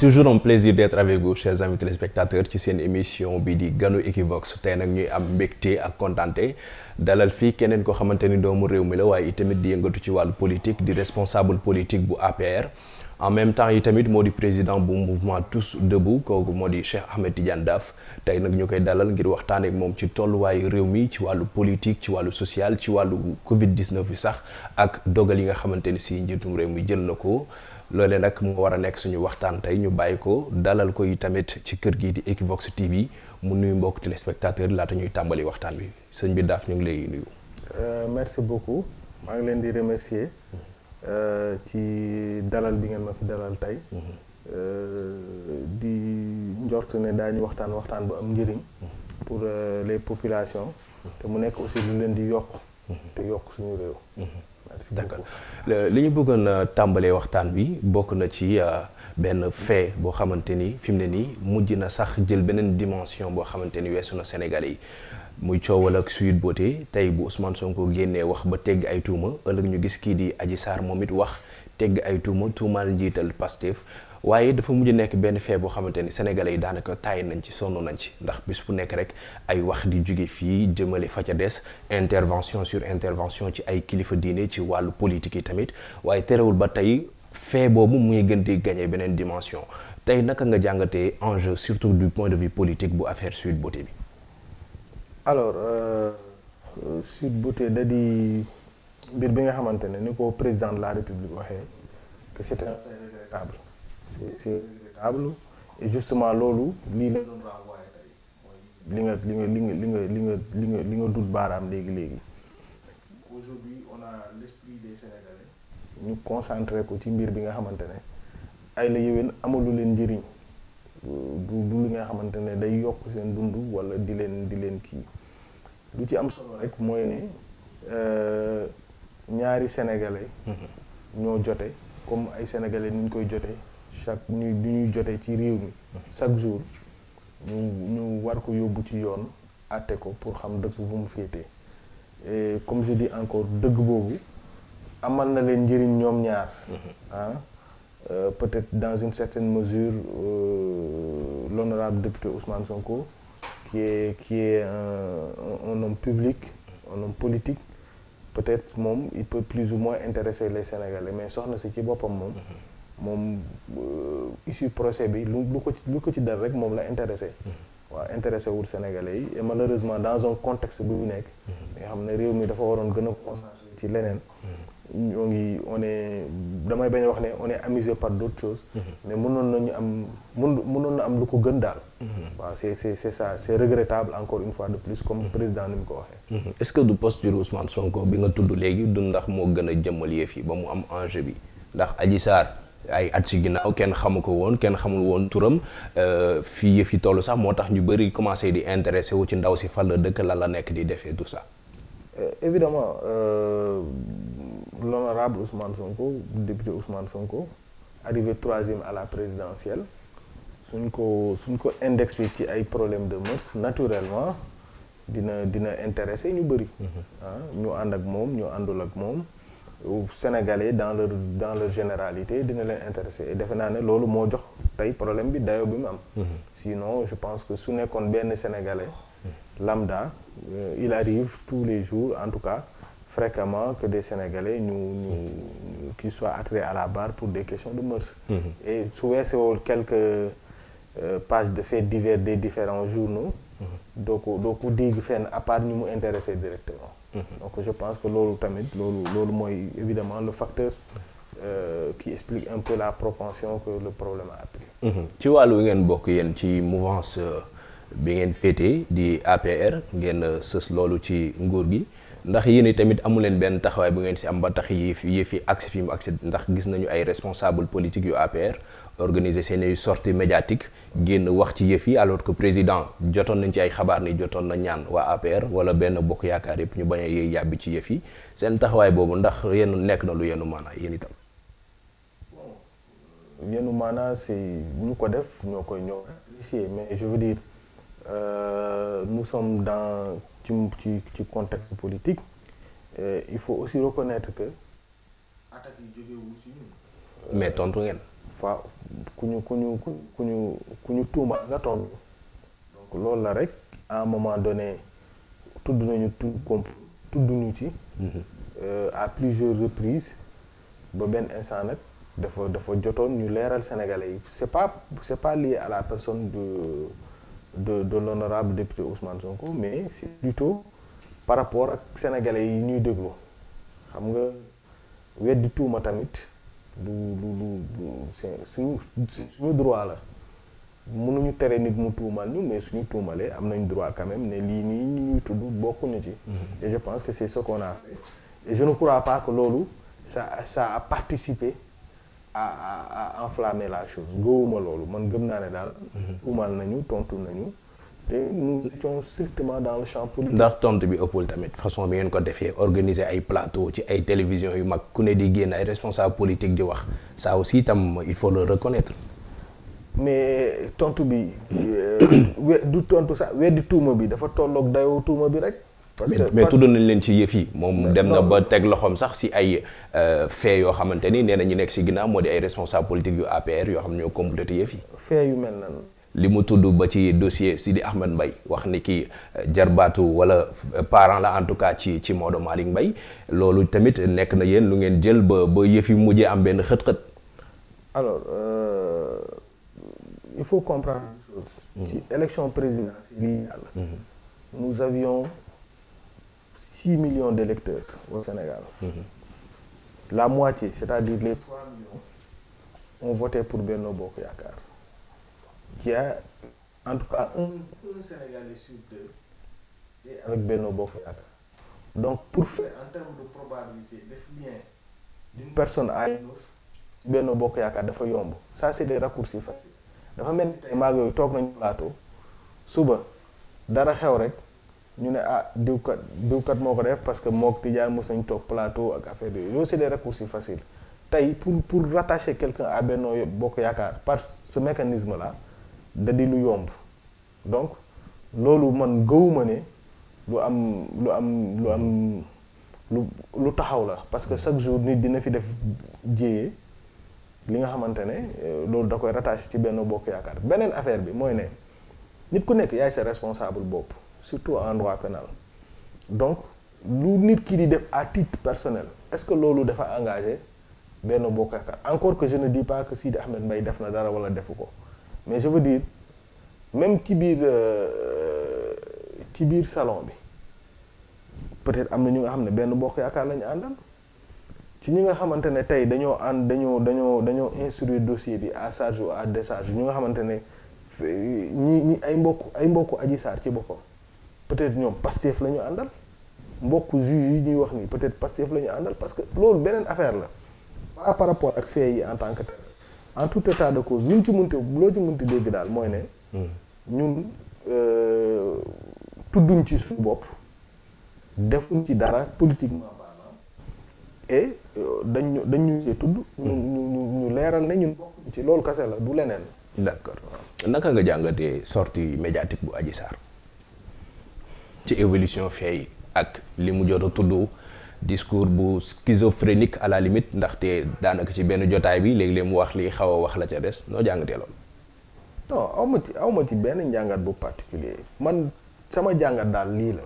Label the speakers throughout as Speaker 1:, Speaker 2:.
Speaker 1: C'est toujours un plaisir d'être avec vous chers amis téléspectateurs ci seen émission bi di Ganu Equivox tey nag ñuy am mbégte ak kontante dalal fii keneen ko xamante ni doomu réew mi la waaye itamit di yëngatu ci wàllu politique di responsable politique bu APR en même temps yi tamit moo di président bu mouvement tous debout kooku moo di Cheikh Ahmed Tidiane daf tey nag ñu koy dalal ngir waxtaan ak moom ci tolluwaayu réew mi ci wàllu politique ci wàllu social ci wàllu Covid 19 bi sax ak dogal yi nga xamante ni si njiitum réew mi jël na ko. loolee nag mu war a nekk suñu waxtaan tey ñu bàyyi ko dalal ko yi tamit ci kër gi di Equivox TV mu nuyu mbokk téléspectateur laata ñuy tàmbali waxtaan bi sëñ bi daaf ñu ngi lay nuyu.
Speaker 2: Euh, merci beaucoup maa ngi leen di remercier euh, ci dalal bi ngeen ma fi dalal tey. Euh, di njort ne daañu waxtaan waxtaan bu am njëriñ. pour les populations. te mu nekk aussi lu leen di yokk. te yokk suñu réew. d'accord
Speaker 1: li ñu bëggoon euh, tàmbalee waxtaan bi bokk na ci euh, benn fait boo xamante ni fi mu ne nii mujj na sax jël beneen dimension boo xamante ni weesu na Sénégalais yi muy coowal ak Sweet Beauté tey bu Ousmane Sonko génnee wax ba tegg ay tuuma ëllëg ñu gis kii di Adji Sarr moom it wax tegg ay tuuma tuumaal njiital Pastef waaye dafa mujj nekk benn fee boo xamante ni sénégale yi daanaka taay nañ ci sonn nañ ci ndax bis bu nekk rek ay wax di jóge fii jëmale fa ca des intervention sur intervention ci ay kilifa diine ci wàllu politique yi tamit waaye terewul ba tey fee boobu muy gën di gagné beneen dimension tey naka nga jàngatee enjeu surtout du point de vue politique bu affaire Sweet Beauté bi.
Speaker 2: alors euh, Sweet Beauté da di mbir bi nga xamante ne ni ko président de la république waxee que c'est véritable justement loolu lii la doon renvoyé tey li nga li nga li nga li nga li nga li nga li nga dut baaraam léegi-léegi aujourd'hui on a l'esprit des Sénégalais ñu concentré ko ci mbir bi nga xamante ne ay la yéwén amalu leen njëriñ du li nga xamante ne day yokk seen dund walla di leen di leen kii lu ci am solo rek mooy ne euh, ñaari sénégalais mm-hmm. ñoo jote comme ay sénégalais ni koy jotee chaque nuit du ñuy jotee ci réew mi chaque jour ñu ñu war ko yóbbu ci yoon àtte ko pour xam dëkk bu mu féetee et comme je di encore dëgg boobu amal na leen njëriñ ñoom ñaar ah euh, peut-être dans une certaine mesure euh, l'honorable député Ousmane Sonko qui est qui est un, un homme public un homme politique peut-être moom il peut plus ou moins intéresser les Sénégalais mais soxna si ci boppam moom moom euh, issue procès bi lu lu ko ci lu ko ci dal rek moom la intéressé mm-hmm. waaw intéressé wul Sénégalais yi et malheureusement dans un contexte bi mu nekk mm-hmm. nga xam ne réew mi dafa waroon gën a concentré ci leneen mm-hmm. ñoo ngi on est damay bañ a wax ne one est par d' autres choses mais mënoon nañu am mun mënoon na am lu ko gën daal waaw c' est c' est ça c' est regrettable encore une fois de plus comme président ni mu ko
Speaker 1: waxee est ce que du posture Ousmane Sonko bi nga tudd léegi du ndax moo gën a jëmmal yëf ba mu am enjeu bi ndax Adji Sarr ay at ci ginnaaw kenn xamu ko woon kenn xamul woon turam euh, fii yëf yi toll sax moo tax ñu bëri commencé di intéressé wu ci ndaw si fan la dëkk lan la nekk di defee tout ça.
Speaker 2: Euh, évidemment euh, l'honorable Ousmane Sonko député Ousmane Sonko arrivé troisième à la présidentielle suñ ko suñ ko indexé ci ay problème de mœurs naturellement dina dina intéressé ñu bëri. Mm-hmm. Ah, ñu ànd ak moom ñu àndul ak moom. Sénégalais dans leur dans leur généralité dina leen intéressé defe naa ne loolu moo jox tey problème bi dayo bi mu am. Mhm. sinon je pense que su nekkoon benn Sénégalais. lambda euh, il arrive tous les jours en tout cas fréquemment que des Sénégalais ñu ñu qui soient attirés à la barre pour des questions de mœurs. Mm -hmm. et su weesoo quelques euh, de faits divers des différents journaux. Mhm. doo ko doo ko dégg fenn à part ñu mu intéressé directement. Mhm. donc je pense que loolu tamit loolu loolu mooy évidemment le facteur mhm. euh, qui explique un peu la propension que le problème a pris.
Speaker 1: Mhm. ci wàllu wi ngeen bokk yéen ci mouvance euh, bi ngeen féetee di APR ngeen euh, sës loolu ci nguur gi. ndax yéen i tamit amu leen benn taxawaay bu ngeen si am ba tax yéef yéef yi agsi fi mu agsi ndax gis nañu ay responsable politique yu APR organiser seen ay médiatique génn wax ci yëf yi alors que président jotoon nañ ci ay xabaar ni jotoon na ñaan waa APR wala benn bokk yaakaar yëpp ñu bañ a yëy yàbbi ci yëf yi seen taxawaay boobu ndax yéen nekk na lu yenu maanaa yéen itam.
Speaker 2: bon yenu maanaa c'est ñu ko def ñoo koy ñoo apprécier mais je veux dire euh, ci ci ci contexte politique euh, il faut aussi reconnaître que attaques yi jógewul ci ñun. mais tontu ngeen. fa ku ñu ku ñu ku ñu ku ñu tuuma nga tontu. donc loolu la rek à un moment donné tudd nañu tout comp tudd ñu ci. Mhm. Euh, à plusieurs reprises ba benn instant nag dafa dafa jotoon ñu leeral sénégalais yi c'est pas c'est pas lié à la personne de. de de l'honorable député Ousmane Sonko mais c'est plutôt par rapport ak sénégalais yi ñuy déglu xam nga weddi tuuma tamit lu lu lu su suñu suñu droit la mënuñu tere nit mu tuumal ñu mais suñu tuumalee am nañ droit quand ne lii nii ñu ñuy tudd bokkuñu ci. Mm-hmm. je pense que c'est ce qu'on a fait et je ne que loolu ça ça a participé. ah ah enflammer la chose gëwuma loolu man gëm naa ne daal. umal nañu tontu nañu. te nous étions strictement dans le champ politique. ndax
Speaker 1: tontu bi ëppul tamit façon bi ngeen ko defee organiser ay plateau ci ay télévision yu mag ku ne di génn ay responsable politique di wax ça aussi tam il faut le reconnaître.
Speaker 2: mais tontu bi. Euh, we du tontu sax weddi tuuma bi dafa tolloog dayoo tuuma bi rek. parce que mais tuddoon
Speaker 1: nañ leen ci yëf yi moom dem na ba teg loxoom sax si ay euh, fee yoo xamante ni nee na ñu nekk si ginnaaw moo di ay responsable politique yu APR yoo xam ne ñoo complété yëf yi.
Speaker 2: fee yu mel nan
Speaker 1: li mu tudd ba ci dossier Sidi Ahmed mbay wax ni ki euh, jarbaatu wala euh, parent la en tout cas ci ci Maodo malik mbay loolu tamit nekk na yéen lu ngeen jël ba ba yëf yi mujjee am benn xët-xët.
Speaker 2: alors il faut comprendre une chose. Mmh. ci élection présidentielle. Mmh. nous avions. 6 millions d'électeurs au Sénégal. Mm -hmm. La moitié, c'est-à-dire les 3 millions, ont voté pour Benno bokk qui en tout cas un, un Sénégalais sur Donc pour faire en termes de probabilité, def lien d'une personne à une bokk yaakaar Bokoyakar dafa yomb ça c'est des raccourcis faciles dafa mel ni tey maa yooyu toog nañu plateau suba dara xew rek. ñu ne ah diwkat diwkat moo ko def parce que mook Tijaan mos nañ toog plateau ak affaire yooyu loolu c'est des raccourcis faciles tey pour pour rattacher quelqu'un à Benno Bokk Yaakaar par ce mécanisme là da lu yomb donc loolu man gëwuma ne lu am lu am lu am taxaw la parce que chaque jour nit dina fi def jéyee li nga xamante ne euh, loolu da koy rattaché ci Benno Bokk Yaakaar beneen affaire bi mooy ne nit ku nekk yaay sa responsable bopp surtout en droit pénal donc lu nit kii di def à titre personnel est-ce que loolu dafa engagé benn Bokk Yaakaar encore que je ne dis pas que Sidi Ahmed Mbaye def na dara wala defu ko mais je veux dire même ci biir euh, ci biir salon bi peut-être am na ñu nga xam ne benn Bokk Yaakaar lañu àndal ci ñi nga xamante ne tey dañoo ànd dañoo dañoo dañoo instruire dossier bi à charge ou à décharge ñu nga xamante ne euh, ñi ñi ay mbokk ay mbokku Adji sar ci boppam peut-être ñoom Pastef la ñu àndal mbokk juge yi ñuy wax ni peut-être Pastef la ñu àndal parce que loolu beneen affaire la par rapport ak fee en tant que tel en tout état de cause luñ ci munti loo ci munti dégg daal mooy ne ñun euh, ci suñu bopp defuñ ci dara politiquement maanaam et euh, dañu dañu tudd ñu ñu ñu leeral ne ñun bokk ci loolu kase la du leneen
Speaker 1: d'accord naka nga jàngatee sortie médiatique bu Adji Sarr ci évolution fee ak li mu jot a tudd discours bu schizophrénique à la limite ndaxte daanaka ci benn jotaay bi léegi-léeg mu wax li xaw a wax la ca des noo jàngatee loolu.
Speaker 2: non awma ci awma ci benn njàngat bu particulier man sama jàngat daal lii la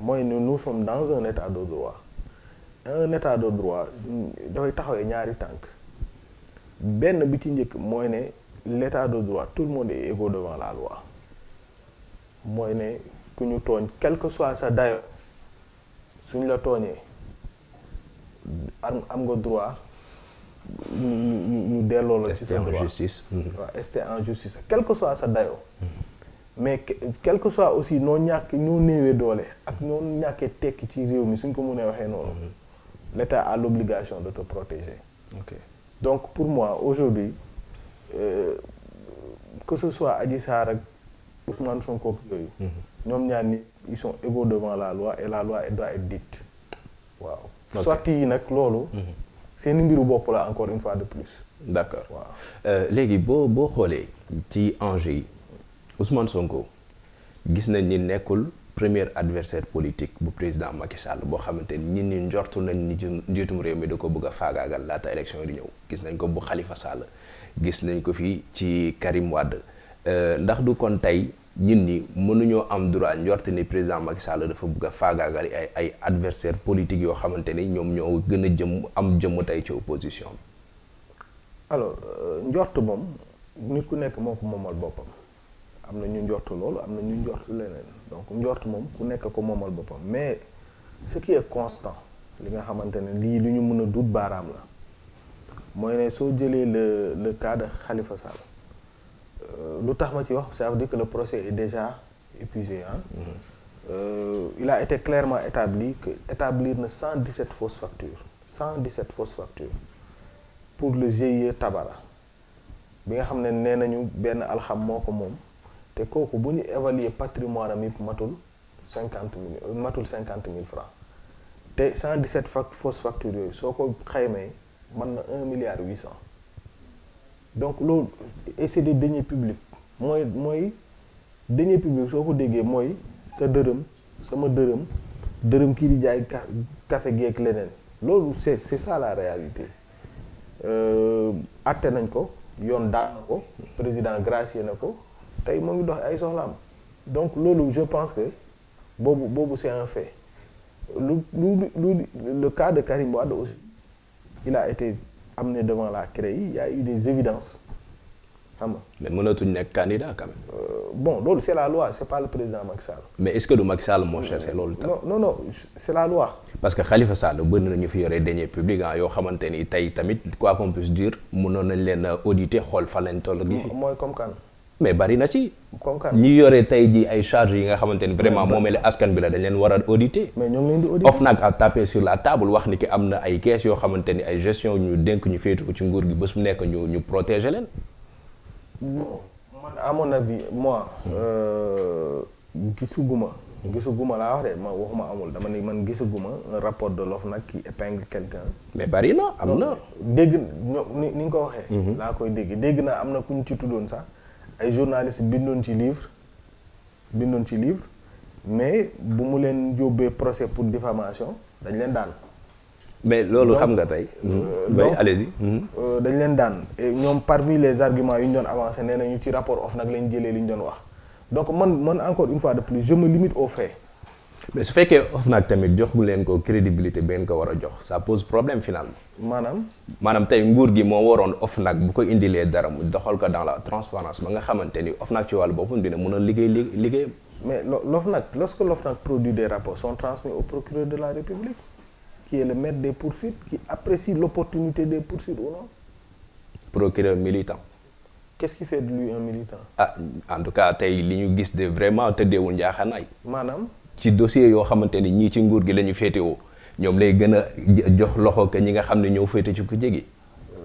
Speaker 2: mooy ne nous sommes dans un état de droit un état de droit dafay taxawee ñaari tànk benn bi ci njëkk mooy ne l'état de droit tout le monde est égaux devant la loi mooy ne ku ñu tooñ quelque que soit sa dayo suñ la tooñee am am nga droit ñu ñu delloo la ci sa droit justice mm-hmm. waaw st en justice quel que soit mm-hmm. mais quel que soit aussi noo ñàkk ñoo néewee doole ak ñoo ñàkkee tekki ci réew mi suñ ko mënee waxee noonu mm-hmm. l'état a l'obligation de te protéger donc pour moi aujourd'hui euh, que ce soit Adji Sarr ak Ousmane Sonko yooyu ñoom ñaar ni ils sont devant la loi et la loi waaw sorties yi nag loolu mhm. seeni mbiru bopp la encore une fois de
Speaker 1: plus d'accord waaw euh, léegi boo boo xoolee ci enjeu yi Ousmane Sonko gis nañ ni nekkul premier adversaire politique bu président Macky Sall boo xamante ni ñi njortu nañ ni njiitum réew mi da ko bëgg a faagaagal laata élection yi di ñëw gis nañ ko bu xalifa Sall gis nañ ko fii ci Karim Wade euh, ndax du kon tey ñun ñi mënuñoo am droit njort ni président Macky Sall dafa bugg a faagaagal ay ay adversaire politique yoo xamante ni ñoom ñoo gën a jëm am jëmm tey ci opposition bi.
Speaker 2: alors euh, njort moom nit ku nekk moo ko moomal boppam am na ñu njort loolu am na ñu njort leneen donc njort moom ku nekk ko moomal boppam mais ce qui constant li nga xamante ne lii lu ñu mën a dut baaraam la mooy ne soo jëlee le le cas de Khalifa Euh, lu tax ma ci wax ça veut dire que le procès est déjà épuisé ah. Euh, il a été clairement établi que établir na 117 fausses factures 117 fausses factures pour le GIE Tabara bi nga xam ne nee nañu benn alxam moo ko moom te kooku bu ñu évaluer patrimoine am yëpp matul 50 mille euh, matul 50 mille francs te cent 117 fausses factures yooyu soo ko xaymee mën na 1 milliard 800. donc loolu et c'est des publique publics mooy mooy deniers publique soo ko déggee mooy sa dërëm sama dërëm dërëm kii di jaay ka café geek leneen loolu c'est c'est ça la réalité euh, atte nañ ko yoon daan président gracié na ko tey moo ngi dox ay soxlaam donc loolu je pense que boobu boobu c'est fait lu lu lu le cas de Karim Wade aussi il a été am na devant la CREI il y a eu des évidences xam
Speaker 1: nga. nekk candidat quand même. Euh,
Speaker 2: bon loolu c' est la loi c' est pas le président Macky Sall.
Speaker 1: mais est ce que du Macky Sall moo cherché loolu. tam non non non la loi. parce Khalifa Sall bëri na ñu fi yore deniers publics ah yoo xamante ni tey tamit quoi qu'on puisse dire mënoon nañ leen auditer xool fan lañ toll. mooy comme kan. mais bari na ci. ñu yore tey ji ay charge yi nga xamante ni vraiment moomeel askan bi la dañ leen war a auditer. mais ñoo ngi leen di auditer OFNAC la table wax ni ki am na ay kees yoo xamante ni ay gestion ñu dénk ñu féetu ko ci nguur gi bés ñu ñu protéger leen.
Speaker 2: bon man à mon avis moi euh, gisuguma gisuguma laa wax ma amul dama ni man gisuguma un rapport de l'OFNAC qui épingle quelqu'un
Speaker 1: mais bari na am na.
Speaker 2: dégg ni nga ko waxee. Mhm. laa koy dégg dégg naa am na ku ñu ci tuddoon sax. ay journaliste bindoon ci livre bindoon ci livre mais bu mu leen yóbbee procès pour diffamation dañ leen daan
Speaker 1: mais loolu xam nga tey bay euh, hmm. allez-y hmm.
Speaker 2: euh, dañ leen daan ñoom parmi les arguments yu ñu doon avancé nee ñu ci rapport OFNAC lañ jëlee li ñu doon wax donc man man encore une fois de plus je me limite aux faits
Speaker 1: su fekkee nag tamit jox leen ko crédibilité benn ko war a jox ça pose problème finalement. maanaam. maanaam tey nguur gi moo waroon OFNAC bu ko indilee dara mu doxal ko dans la transparence ba nga xamante ni OFNAC ci wàllu boppam dina mën a liggéey liggéey.
Speaker 2: mais l'OFNAC lorsque l'OFNAC produit des rapports sont transmis au procureur de la République qui est le maître des poursuites qui apprécie l'opportunité des pour ou non.
Speaker 1: procureur militant.
Speaker 2: qu'est-ce fait de lui un
Speaker 1: ah, en tout cas tey li ñu gis de vraiment tëddeewul njaaxanaay. maanaam. ci dossier yoo xamante ni ñii ci nguur gi la ñu féetewoo ñoom lay gën a jox loxo que ñi nga xam ne ñoo féete ci ku jege.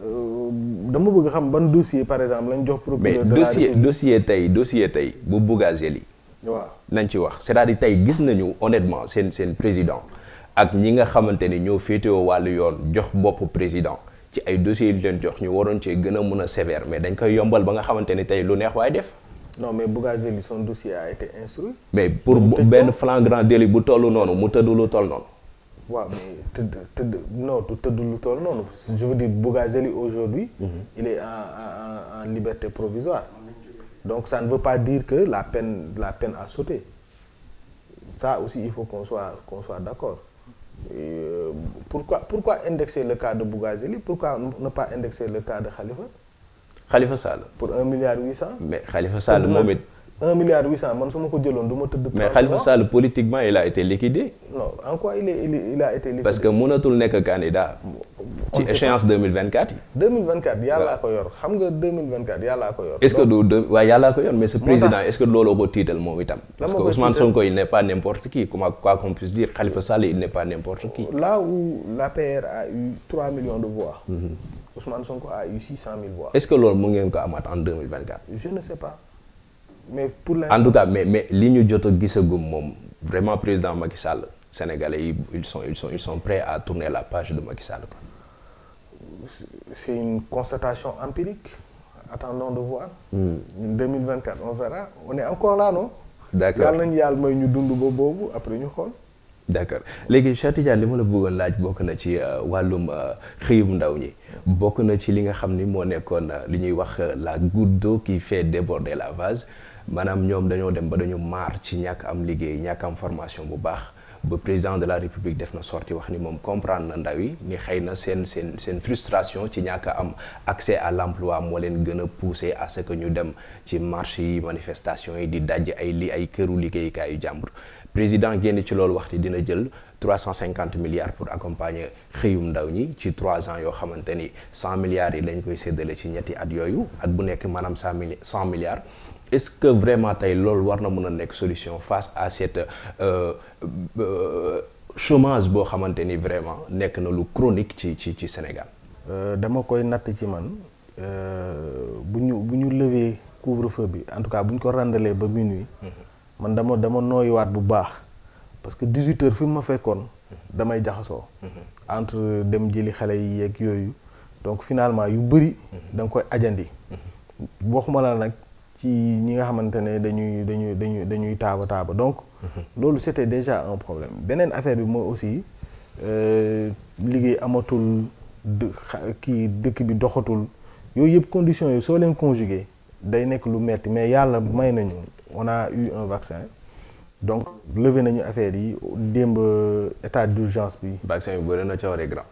Speaker 2: Euh, dama bëgg xam ban dossier par exemple lañ jox. procureur de la dossier
Speaker 1: dossier tey dossier tey bu Bougazelli waaw lañ ci wax cest à tey gis nañu honnêtement seen seen président ak ñi nga xamante ni ñoo féetewoo wàll yoon jox bopp président ci ay dossiers yu leen jox ñu waroon cee gën a mën a sévère mais dañ koy yombal ba nga xamante ni tey lu neex waaye def.
Speaker 2: non mais Bougazeli son dossier a été instruit.
Speaker 1: mais pour benn flagrant délit bu toll noonu mu tëdd lu toll noonu.
Speaker 2: waaw mais tëdd tëdd non tëdd lu noonu je veux dire Bougazeli aujourd'hui mm -hmm. il est en en en liberté provisoire. donc ça ne veut pas que la peine la peine a sauté sa aussi il faut qu'on soit qu'on soit d'accord euh, pourquoi pourquoi indexer le cas de Bougazeli pourquoi ne pas indexer le cas de Khalifa. Khalifa Sall. pou un milliard huit cent.
Speaker 1: mais Khalifa Sall moom it. Khalifa Sall politiquement il a été liquidé.
Speaker 2: non en quoi il est il a été liquidé. parce
Speaker 1: que mënatul nekk candidat. ci échéance deux mille vingt quatre yi.
Speaker 2: deux mille vingt quatre yàllaa ko yor xam nga deux mille vingt quatre yàllaa ko yor. est ce que
Speaker 1: du deux waaw yàllaa ko yor mais ce président est ce que looloo ko tiital moom itam. parce n' est pas n' importe qui comment quoi qu' on puisse dire Khalifa Sall il n' est pas n' importe qui.
Speaker 2: là où l'APR a eu trois millions de voix. Mm-hmm. Ousmane Sonko a eu 600 000 voix.
Speaker 1: est-ce que loolu mën ngeen ko amaat en 2024. je ne sais pas
Speaker 2: mais pour l'instant. en tout cas
Speaker 1: mais mais li ñu jot a gisagum moom vraiment président Macky Sall sénégalais yi ils sont ils sont ils sont prêts à tourner la page de Macky Sall.
Speaker 2: c'est une constatation empirique attendons de voir. Mm. 2024 on verra on est encore là non. d'accord yàlla nañu yàlla may ñu dund ba boobu après ñu xool.
Speaker 1: d' accord léegi Cheikh Tidiane li ma la bëggoon laaj bokk na ci euh, wàllum euh, xëyum ndaw ñi bokk na ci li nga xam ni moo nekkoon euh, li ñuy wax la goutte d'eau qui fait déborder la vase maanaam ñoom dañoo dem ba dañu maar ci ñàkk am liggéey ñàkk am formation bu baax ba président de la république def na sorti wax ni moom comprendre na ndaw yi ni xëy na seen seen seen frustration ci ñàkk am accès à l'emploi moo leen gën a poussé à ce que ñu dem ci marché yi manifestation yi di daj ay li ay këru liggéeyukaayu jàmbur président génn ci loolu waxti dina jël 350 milliards pour accompagner xëyum ndaw ñi ci 3 ans yoo xamante ni 100 milliards yi lañ koy séddale ci ñetti at yooyu at bu nekk maanaam 100 mili 100 milliards est-ce que vraiment tey loolu war na mën a nekk solution face à cette euh, euh boo xamante ni vraiment nekk na lu chronique ci ci ci Sénégal.
Speaker 2: Euh, dama koy natt ci man euh, bu ñu bu ñu lever couvre-feu bi en tout cas bu ko rendalee ba minuit. Mhm. man dama dama nooyuwaat bu baax parce que 18 fi mu ma fekkoon damay jaxasoo. Mhm. entre dem jëli xale yi yeeg yooyu donc finalement yu bëri. Mhm. da nga koy ajandi. Mhm. waxuma la nag ci ñi nga xamante ne dañuy dañuy dañuy dañuy taaba taaba donc. loolu c'était déjà un problème beneen affaire bi mooy aussi euh, liggéey amatul kii dëkk bi doxatul yooyu yëpp conditions yi soo leen conjugué day nekk lu metti mais yàlla may nañu. on a eu un vaccin donc levé nañu affaire yi démb état d'urgence bi.
Speaker 1: vaccin bi bëri na cooree grand.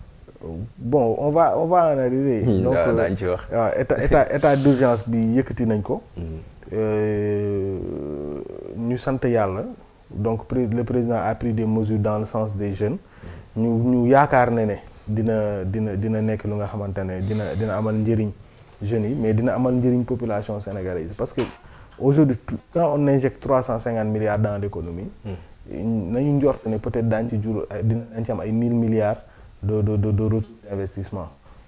Speaker 2: bon on va on va en arriver. donc euh, daañu wax. waaw état état état d'urgence bi yëkkati nañ ko. Mm. Euh, ñu sant yàlla donc le président a pris des mesures dans le sens des jeunes. Mm. ñu ñu yaakaar ne ne dina dina dina nekk lu nga xamante ne dina dina amal njëriñ jeunes yi mais dina amal njëriñ population sénégalaise parce que. aujourd'hui quand on injecte trois cent cinquante milliards dans l'économie hmm. nañu njort ne peut-être daañu ci jur dinañ ci am ay mille milliards de de de de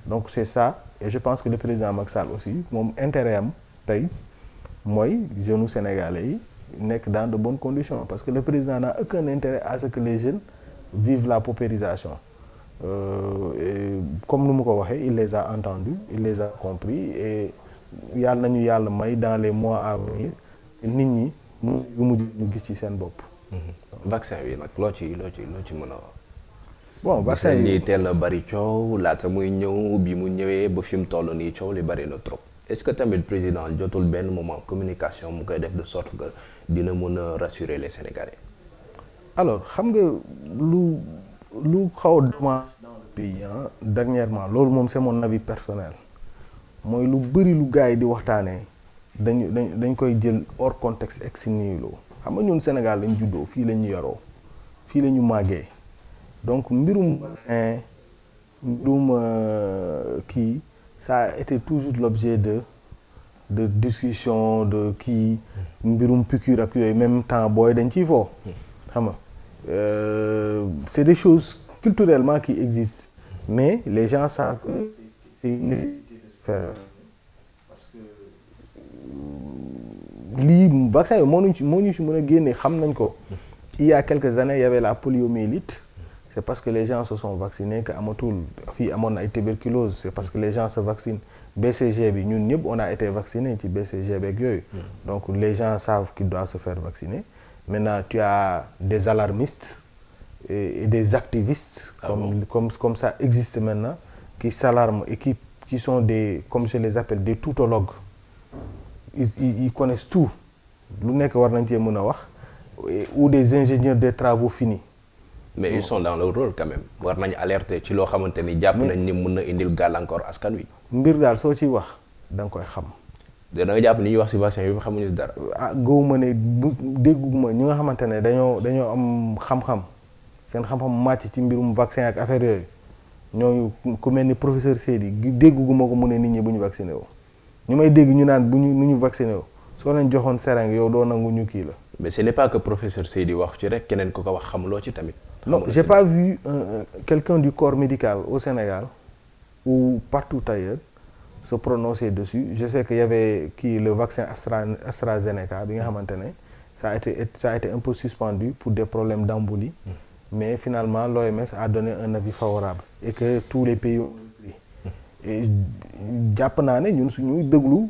Speaker 2: donc c'est ça et je pense que le président Macky Sall aussi moom intérêt am tey mooy jeunes sénégalais yi nekk dans de bonnes conditions parce que le président n'a aucun intérêt à ce que les jeunes vivent la paupérisation euh, comme nu mu ko waxee il les a entendus il les a compris yàlla nañu yàlla may dans les mois à venir nit ñi mu yu mujj ñu gis ci seen bopp. Mhm.
Speaker 1: vaccin bi nag loo ci loo ci loo ci mën a wax. bon vaccin bi nii teel na bari coow laata muy ñëw bi mu ñëwee ba fi mu toll nii coow li bari na trop. est-ce que tamit président jotul benn moment communication mu koy def de sorte que dina mën a rassurer les Sénégalais.
Speaker 2: alors xam nga lu lu xaw a dommage dans le pays dernièrement loolu moom c'est mon avis personnel. mooy lu bëri lu gars yi di waxtaanee dañu dañ dañ koy jël hors contexte ex nihilo xam nga ñun Sénégal lañu juddoo fii la ñu yaroo fii la ñu màggee donc mbirum vaccin mbirum euh, kii ça été toujours l'objet de de discussion de kii mbirum piqûre ak yooyu même temps booy dañ ciy foo xam nga euh, c'est des chose culturellement qui existent mais les gens savent que c'est parce que lii vaccin yi moo ñu ci moo ñu ci mën a génne xam nañ ko. il y a quelques années il y avait la c'est parce que les gens se sont vaccinés que amatul fii amoon na ay tuberculose c'est parce que les gens se vaccinent BCG bi ñun ñëpp on a été vaccinés ci BCG beeg yooyu. Hmm. donc les gens savent qu'ils doivent se faire vacciner. maintenant tu as des alarmistes et, des activistes. Ah comme comme comme ça existe maintenant qui s'alarment et qui qui sont des comme je les appelle des toutologues ils ils connaissent lu nekk war nañ cee mën a wax ou des ingénieurs des travaux finis.
Speaker 1: mais ils sont dans leur rôle quand même war nañu alerter ci loo xamante ni jàpp nañ ni mën na indil gàllankoor askan wi. mbir daal soo ciy wax da nga koy xam. da nga jàpp ni ñuy wax si vaccin bi xamuñu si dara. ah
Speaker 2: gëwuma ne bu dégguma ñi nga xamante ne dañoo dañoo am xam-xam seen xam-xam màcc ci mbirum vaccin ak affaire yooyu. ñooñu ku mel ni professeur Seydi dégguma ko mu ne nit ñi bu ñu vacciné woo ñu may dégg ñu naan bu ñu nu ñu vacciné woo soo leen joxoon seringue yow doo nangu ñu
Speaker 1: kii la. mais ce n'est pas que professeur Seydi wax ci rek keneen ku ko wax xamuloo ci tamit. non j'ai
Speaker 2: pas vu euh, euh, quelqu'un du corps médical au Sénégal ou partout ailleurs se prononcer dessus je sais que y avait kii le vaccin Astra AstraZeneca bi nga xamante ne ça a été ça a été un peu suspendu pour des problèmes d'embolie. Mm. mais finalement l'OMS a donné un avis favorable et que tous les pays et jàpp naa ne ñun suñuy déglu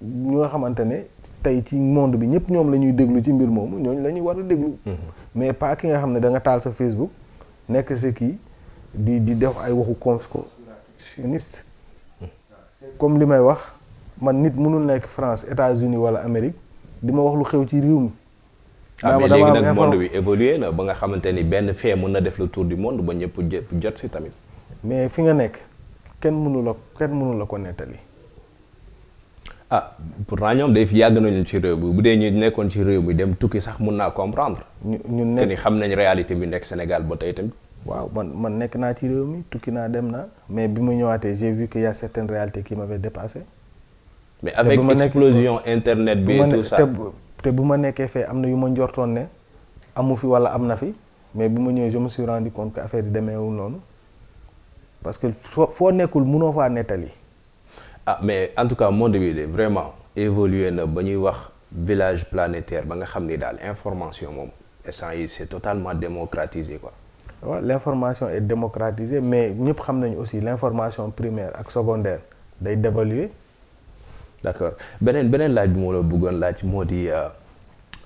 Speaker 2: ñu nga xamante ne tey ci monde bi ñëpp ñoom la ñuy déglu ci mbir moom ñooñu lañuy war a déglu mm-hmm. mais pas ki nga xam ne da nga taal sa Facebook nekk si kii di di def ay waxu conspirationniste mm-hmm. comme li may wax man nit mënul nekk France États-Unis wala Amérique di ma wax lu xew ci réew mi ah mais léegi nag monde
Speaker 1: bi évolué na ba nga xamante ni benn fee mun na def le tour du monde ba ñëpp jot si tamit.
Speaker 2: mais fi nga nekk kenn mënu kenn mënula ko nettali.
Speaker 1: ah pourtant ñoom day fi yàgg nañu ci réew bi bu dee ñu nekkoon ci réew mi dem tukki sax mun naa comprendre. ñu ñu nekk ni xam nañ réalité bi nekk Sénégal ba tey tamit.
Speaker 2: waaw man man nekk naa ci réew mi tukki naa dem naa mais bi ma ñëwaatee j'ai vu que y a certaines réalités qui m'avaient dépassé.
Speaker 1: mais avec internet bi et
Speaker 2: te bu ma nekkee fee am na yu ma njortoon ne amu fi wala am na fi mais bu ma ñëwee je me suis rendu compte affaire yi demeewul noonu parce que foo foo nekkul mënoo faa nettali.
Speaker 1: ah mais en tout cas monde bi de vraiment évolué na ba ñuy wax village planétaire ba nga xam ni daal information moom instant yi c'est totalement démocratisé ko
Speaker 2: waaw l'information est démocratisée mais ñëpp xam nañu aussi l'information primaire ak secondaire day
Speaker 1: dévaluer d'accord beneen beneen laaj bi moo la bëggoon laaj moo di euh,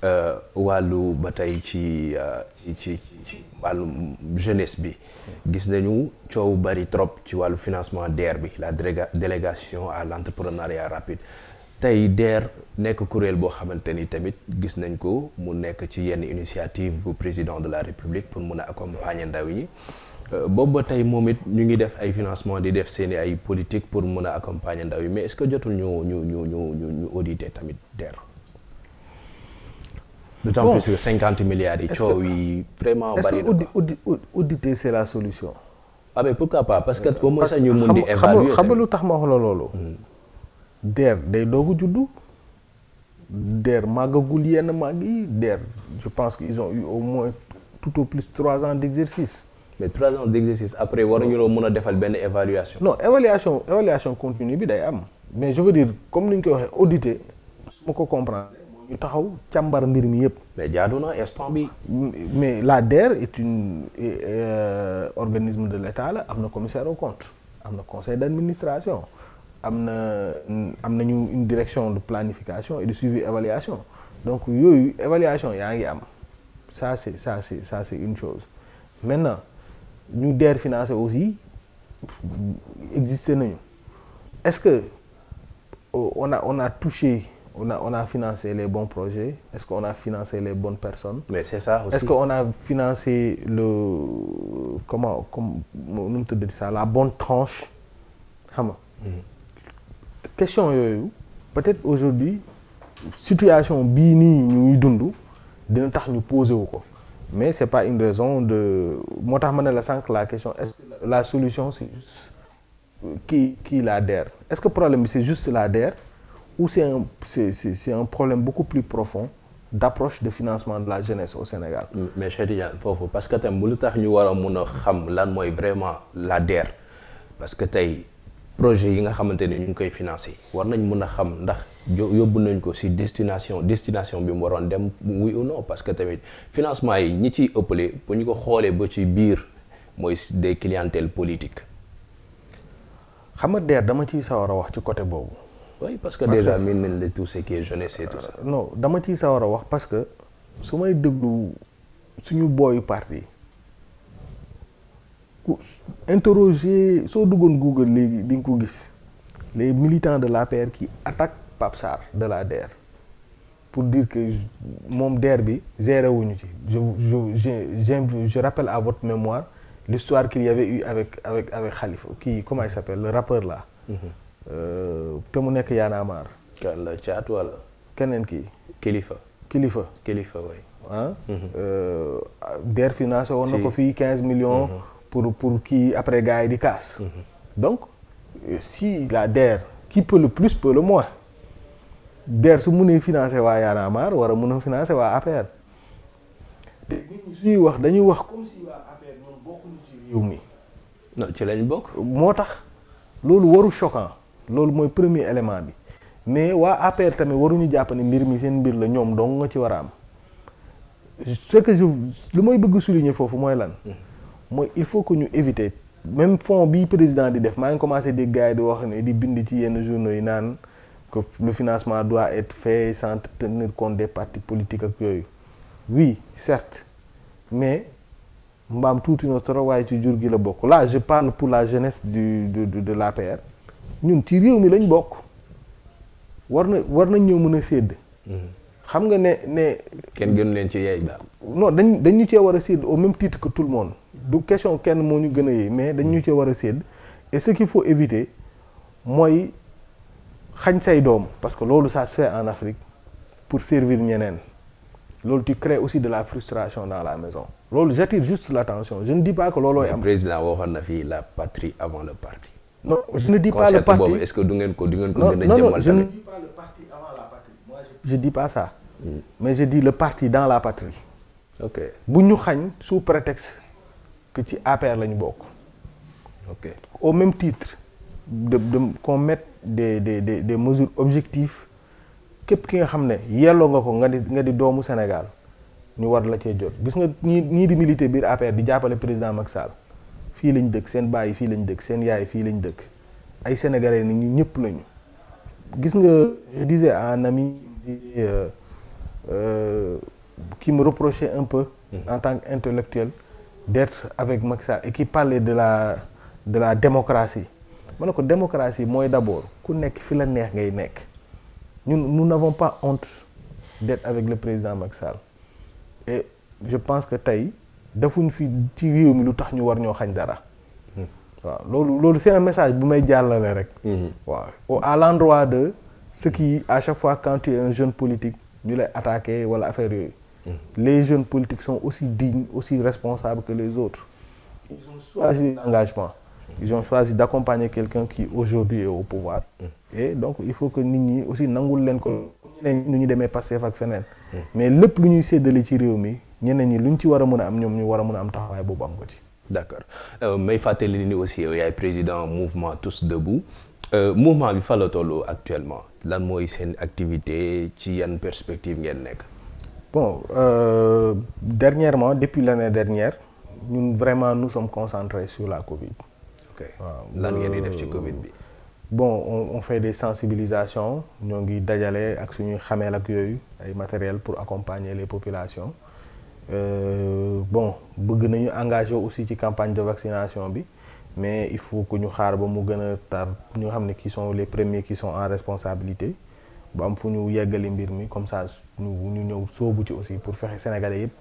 Speaker 1: euh, wàllu ba tey ci ci euh, ci ci wàllum jeunesse bi gis nañu coow bari trop ci wàllu financement DER bi la délégation à l'entrepreneuriat rapide tey DER nekk kuréel boo xamante ni tamit gis nañ ko mu nekk ci yenn initiative bu président de la République pour mun a accompagner ndaw ñi Euh, boobu ba tey moom it ñu ngi def ay financement di def seen ay politique pour mun a accompagner ndaw yi mais est que jotul ñu ñu ñu ñu ñu ñu auditer tamit DER. d'autant plus que cinquante milliards yi coow yi vraiment bari
Speaker 2: na est la solution.
Speaker 1: ah mais parce que au moins sax ñu mun di. évaluer xam nga
Speaker 2: lu tax ma wax la loolu. Hmm. DER doog juddu. DER màggagul yenn màgg yi DER je pense qu'ils ont eu au moins tout au plus trois ans d'exercice.
Speaker 1: mais trois ans d'exercice après waruñu loo mën a defal benn évaluation.
Speaker 2: non évaluation évaluation continue bi day am mais je veux dire comme ni ñu koy waxee auditer su ma ko comprendre ñu taxaw càmbar mbir mi yëpp.
Speaker 1: mais jaadu na instant bi
Speaker 2: mais la DER est une euh, organisme de l'État la am na commissaire aux comptes am na conseil d'administration am na am nañu une direction de planification et de suivi évaluation donc yooyu évaluation yaa ngi am ça c'est ça c'est ça c'est une chose maintenant. ñu DER financé aussi existé nañu est-ce que euh, on a on a touché on a on a financé les bons projet est-ce qu'on a financé les bonnes personnes. mais c'est ça aussi est-ce qu'on le comment comme nu mu tëdd ça la bonne tranche xam nga. Mm-hmm. question yooyu peut-être aujourd'hui situation bii nii ñuy dund dina tax ñu posé wu ko. mais c'est pas une raison de moo tax ma ne la sànq la question est la solution c'est kii kii la DER est-ce que problème bi c'est juste la DER ou c'est un c'est c'est un problème beaucoup plus profond d'approche de financement de la jeunesse au Sénégal.
Speaker 1: Mm, mais Cheikh Tidiane foofu parce que tam lu tax ñu war a mun a xam lan mooy vraiment la DER parce que tey. projet yi nga xamante ne ñu ngi koy financé war nañ mun a xam ndax yóbbu nañ ko si destination destination bi mu waroon dem oui no non parce que tamit financement yi ñi ciy ëppale bu ñu ko xoolee ba ci biir mooy des clientèles politiques.
Speaker 2: xam nga DER dama ciy sawar a wax ci côté
Speaker 1: boobu. oui parce que déjà miin nañ la tout ce qui est jeunesse et tout ça.
Speaker 2: non dama ciy sawar a wax parce que su may déglu suñu booyu parti. ku interroger soo duggoon Google léegi di nga ko gis les militants de l'APR qui attaquent Pape Sarr de la DER pour dire que moom DER bi géré wuñu ci je je je je rappelle à votre mémoire l'histoire qu'il avec avec avec Khalifa kii comment il s'appelle le rappeur là. Mm-hmm. Euh, te mu nekk Y'en a marre. kàlla keneen ki Kilifa. Kilifa Kilifa waay. Ah. Mm-hmm. Euh, ah. DER financé na ko fii 15 millions. Mm-hmm. pour pour kii après gars yi di casse. Mhm. donc euh, si la DER qui peut le plus peut le moins DER su mënee financer waa Y'en war a mën a financer waa APR. te nit ñi suñuy wax dañuy wax comme si ci mi. ci lañ bokk. moo tax loolu waru choquant loolu mooy premier élément bi mais waa APR tamit waruñu jàpp ne mbir mi seen mbir la ñoom dong nga ci war a am ce que lu may bëgg souligner foofu mooy lan. Mhm. mooy il faut que ñu éviter même fonds bi président di def maa ngi commencé di gars yi di wax ne di bind ci yenn journaux yi naan que le financement doit être fait sans tenir compte des partis politiques ak yooyu oui certes mais mbaam tuuti na trop waaye ci jur gi la bokk là je pour la jeunesse du de de, la l'APR ñun ci réew mi lañ bokk war na war nañ ñoo mën a sédd. Mhm. xam nga ne ne.
Speaker 1: kenn gënu leen ci yaay daal.
Speaker 2: non dañ dañu cee war a sédd au même titre ko tout le monde. du question kenn moo ñu gën a yee mais dañu ci war a sédd et ce qu'il faut éviter mooy xañ say doom parce que loolu sa se en Afrique pour servir ñeneen loolu tu crées aussi de la frustration dans la maison loolu j'attire juste l'attention je ne dis pas que loolooy am.
Speaker 1: président waxoon na fii la patrie avant le parti.
Speaker 2: non je ne dis pas le parti
Speaker 1: ce que du ko du ngeen ko gën
Speaker 2: je ne la patrie.
Speaker 1: Hmm. mais je
Speaker 2: le parti dans la patrie. bu ñu xañ sous prétexte. que ci APR la ñu bokk. ok au même titre de de qu'on mette des de de des mesures objectif képp ki nga xam ne yelloo nga ko nga di nga di doomu Sénégal ñu war la cee jot gis nga ñii ñii di militer biir APR di jàppale président Macky Sall fii lañ dëkk seen baay yi fii lañ dëkk seen yaay fii lañ dëkk ay sénégalais ni ñu ñëpp lañu gis nga je disais nami un ami euh, euh, qui un peu. Mm-hmm. en tant qu'intellectuel d'être avec Macky Sall et qui parlait de la de la démocratie ma ne ko démocratie mooy d'abord ku nekk fi la neex ngay nekk ñun nous n'avons pas honte d'être avec le président Macky je pense que tey defuñ fi ci réew mi lu tax ñu war ñoo xañ dara waaw loolu loolu c'est message bu may jàllale rek mm-hmm. waaw au à l'endroit de ce qui à chaque fois quand tu es un jeune politique ñu lay attaquer wala affaire yooyu les jeunes politiques sont aussi dignes aussi responsables que les autres ils ont choisi l'engagement ils ont choisi d'accompagner quelqu'un qui aujourd'hui est au pouvoir et donc il faut que nit ñi aussi nangul leen ko ñeneen nu ñu demee Pastef ak feneen mais lépp lu ñuy séddale ci réew mi ñeneen ñi lu ñu ci war a mën a am ñoom ñu war a mën a am taxawaay boobu am ko ci
Speaker 1: d'accord euh, may fàttali ni aussi yow yaay président mouvement tous debout euh, mouvement bi fa la tollu actuellement lan mooy seen activité ci yan perspective ngeen nekk
Speaker 2: bon euh, dernièrement depuis l'année dernière ñun vraiment nu some concentrés sur la Covid.
Speaker 1: ok lan ngeen di def euh, ci Covid
Speaker 2: bi. bon on, on fait des sensibilisations ñoo ngi dajale ak suñuy xameel ak yooyu ay matériel pour accompagner les population euh, bon bëgg nañu engagé aussi ci campagne de vaccination bi mais il faut que ñu xaar ba mu gën a tar ñu xam ne qui son les premiers qui son en responsabilité. ba am fu ñu yeggali mbir mi comme ça ñu ñëw soobu ci aussi pour fexe sénégalais yëpp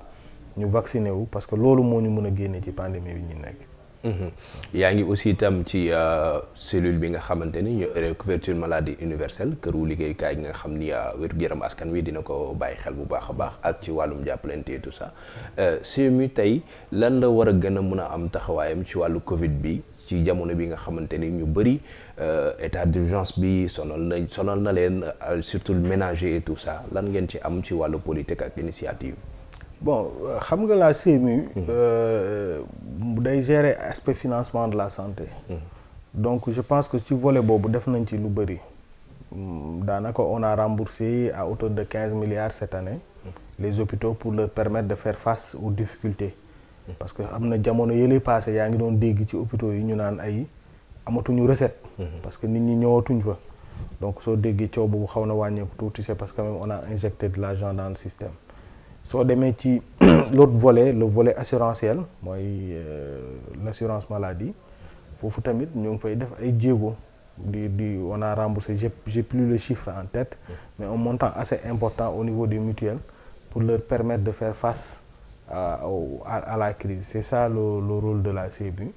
Speaker 2: ñu vacciné wu parce que loolu moo ñu mën a génne ci pandémie bi ñu nekk.
Speaker 1: Mhm. yaa ngi aussi itam ci euh, cellule bi nga xamante ni ñu couverture maladie universelle këru liggéeyukaay nga xam ni euh, wér-gu-yaram wi dina ko bàyyi xel bu baax a baax ak ci wàllum jàppalante et tout ça CMU euh, tey lan la war a gën a mën a am taxawaayam ci wàllu Covid bi ci jamono bi nga xamante ni ñu bëri. Euh, état d'urgence bi sonal na sonal na leen euh, surtout ménager et tout ça lan ngeen ci am ci wàllu politique ak initiative.
Speaker 2: bon euh, xam nga la CMU. Hmm. day gérer aspect financement de la santé. Hmm. donc je pense que ci vole boobu def nañ ci lu bëri. Hmm, daanaka on a remboursé à auto de quinze milliards cette année. les hôpitaux pour leur permettre de fair face aux difficultés. parce que am na jamono yële passé yaa ngi doon dégg ci hôpitaux yi ñu naan ay. amatuñu recette. parce que nit ñi ñëwatuñ fa. donc soo déggee coow boobu xaw na wàññeeku tuuti c'est parce que même on a injecté de l'argent dans le système soo demee ci l'autre volet le volet assurantiel mooy euh, l'assurance maladie foofu tamit ñu ngi fay def ay jéego di di on a remboursé j'ai j'ai plus le chiffre en tête mais un montant assez important au niveau des mutuelles pour leur permettre de fair face a à, à la crise c'est ça le, le rôle de la CMU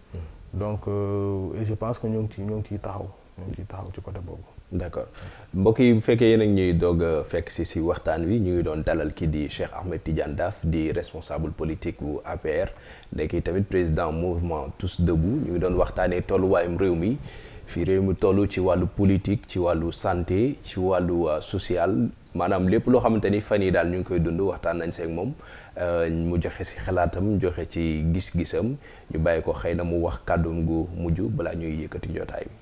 Speaker 2: donc euh, et je pense que ñoo ngi ci ñoo ngi taxaw ñoo ngi taxaw ci côté boobu.
Speaker 1: d' accord mbokk yi bu fekkee yéen ñuy doog a fekk si si waxtaan wi ñu ngi doon dalal kii di Cheikh Ahmed Tidiane Daff di responsable politique bu APR nekk tamit président mouvement tous debout ñu ngi doon waxtaanee tolluwaayum réew mi fii réew mi toll ci wàllu politique ci wàllu santé ci wàllu euh, social maanaam lépp loo xamante ni fan yi daal ñu ngi koy dund waxtaan nañ seeg moom. Euh, mu joxe ci xalaatam joxe ci gis-gisam ñu bàyyi ko xëy na mu wax kàddoom gu mujj balaa ñuy yëkkati jotaay bi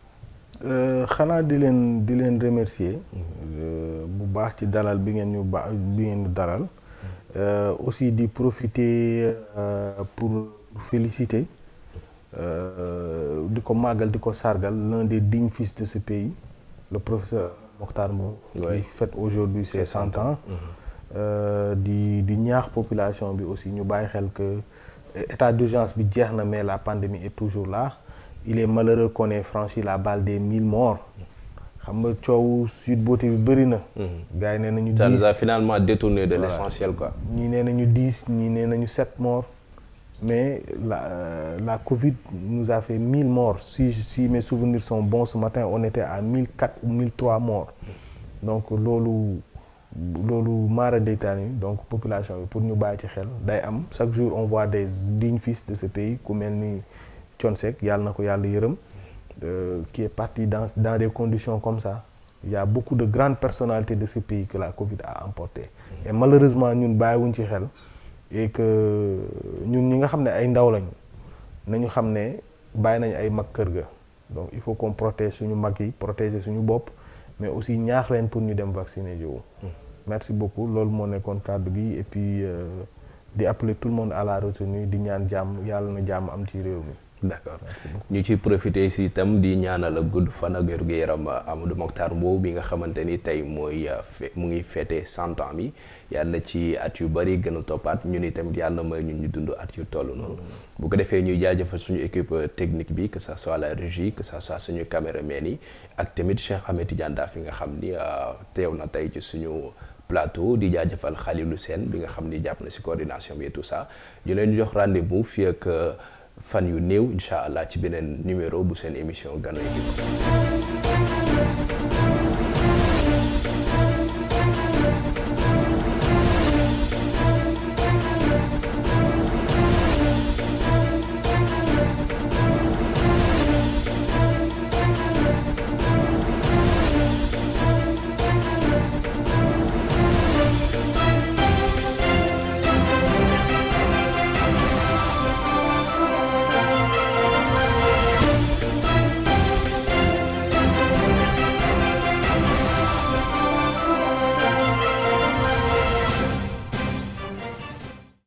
Speaker 2: euh, xanaa di leen di leen remercier euh, bu baax ci dalal bi ngeen ñu baax bi ngeen ñu dalal aussi di profiter pour féliciter di ko màggal di ko sargal l'un des dignes fils de ce pays le professeur Mokhtar Mbow qui fête aujourd'hui ses cent ans mm-hmm. Euh, di di ñaax population bi aussi ñu bàyyi xel que euh, état d'urgence bi jeex na mais la pandémie et toujours la il est malheureux qu'on franchi la bale des mille morts xam nga coow Sweet Beauté bi bëri na. Mhm. gars yi nee nañu dix ça nous a finalement détourné de l'essentiel quoi. ñii nee nañu dix nii nee nañu sept morts mais la euh, la Covid nous a fait mille morts si si mes souvenirs sont bons ce matin on était à mille quatre ou mille trois morts mhm. donc loolu. loolu maara deytaan yi donc population bi pour ñu bàyyi ci xel day am chaque jour on voit des dignes fils de ce pays ku mel ni Thione Seck yàlla na ko yàlla yërëm euh, qui est parti dans dans des conditions comme ça il y beaucoup de grandes personalité de ce pays que la Covid a emporté malheureusement ñun bàyyiwuñ ci xel et que ñun ñi nga xam ne ay ndaw lañu nañu xam ne bàyyi nañ ay mag kër ga donc il faut qu'on protège suñu mag yi protéger suñu bopp mais aussi ñaax leen pour ñu dem vacciner jiwu merci beaucoup loolu moo nekkoon kàddu gi et puis euh, di appeler tout le monde à la retenue di ñaan jàmm yàlla na jàmm am ci réew mi.
Speaker 1: d'accord ñu ci profité si itam di ñaanal a gudd fan a ger gu yaram euh, Amadou Mokhtar Mbow bi nga xamante ni tey mooy euh, mu ngi fêté cent ans mi yàlla ci at yu bari gën a toppaat ñu ni tamit yàlla may ñun ñu dund at yu toll noonu bu ko defee ñuy jaajëfal suñu équipe technique bi que ça soit la régie que ça soit suñu caméraman yi ak tamit Cheikh Ahmed Tidiane Daf yi nga xam ni teew na tey suñu plateau di jaajëfal Khalilou seen bi nga xam ni jàpp na si coordination bi et tout ça ñu leen jox rendez-vous fii ak euh, fan yu néew incha allah ci beneen numéro bu seen émission ganu yi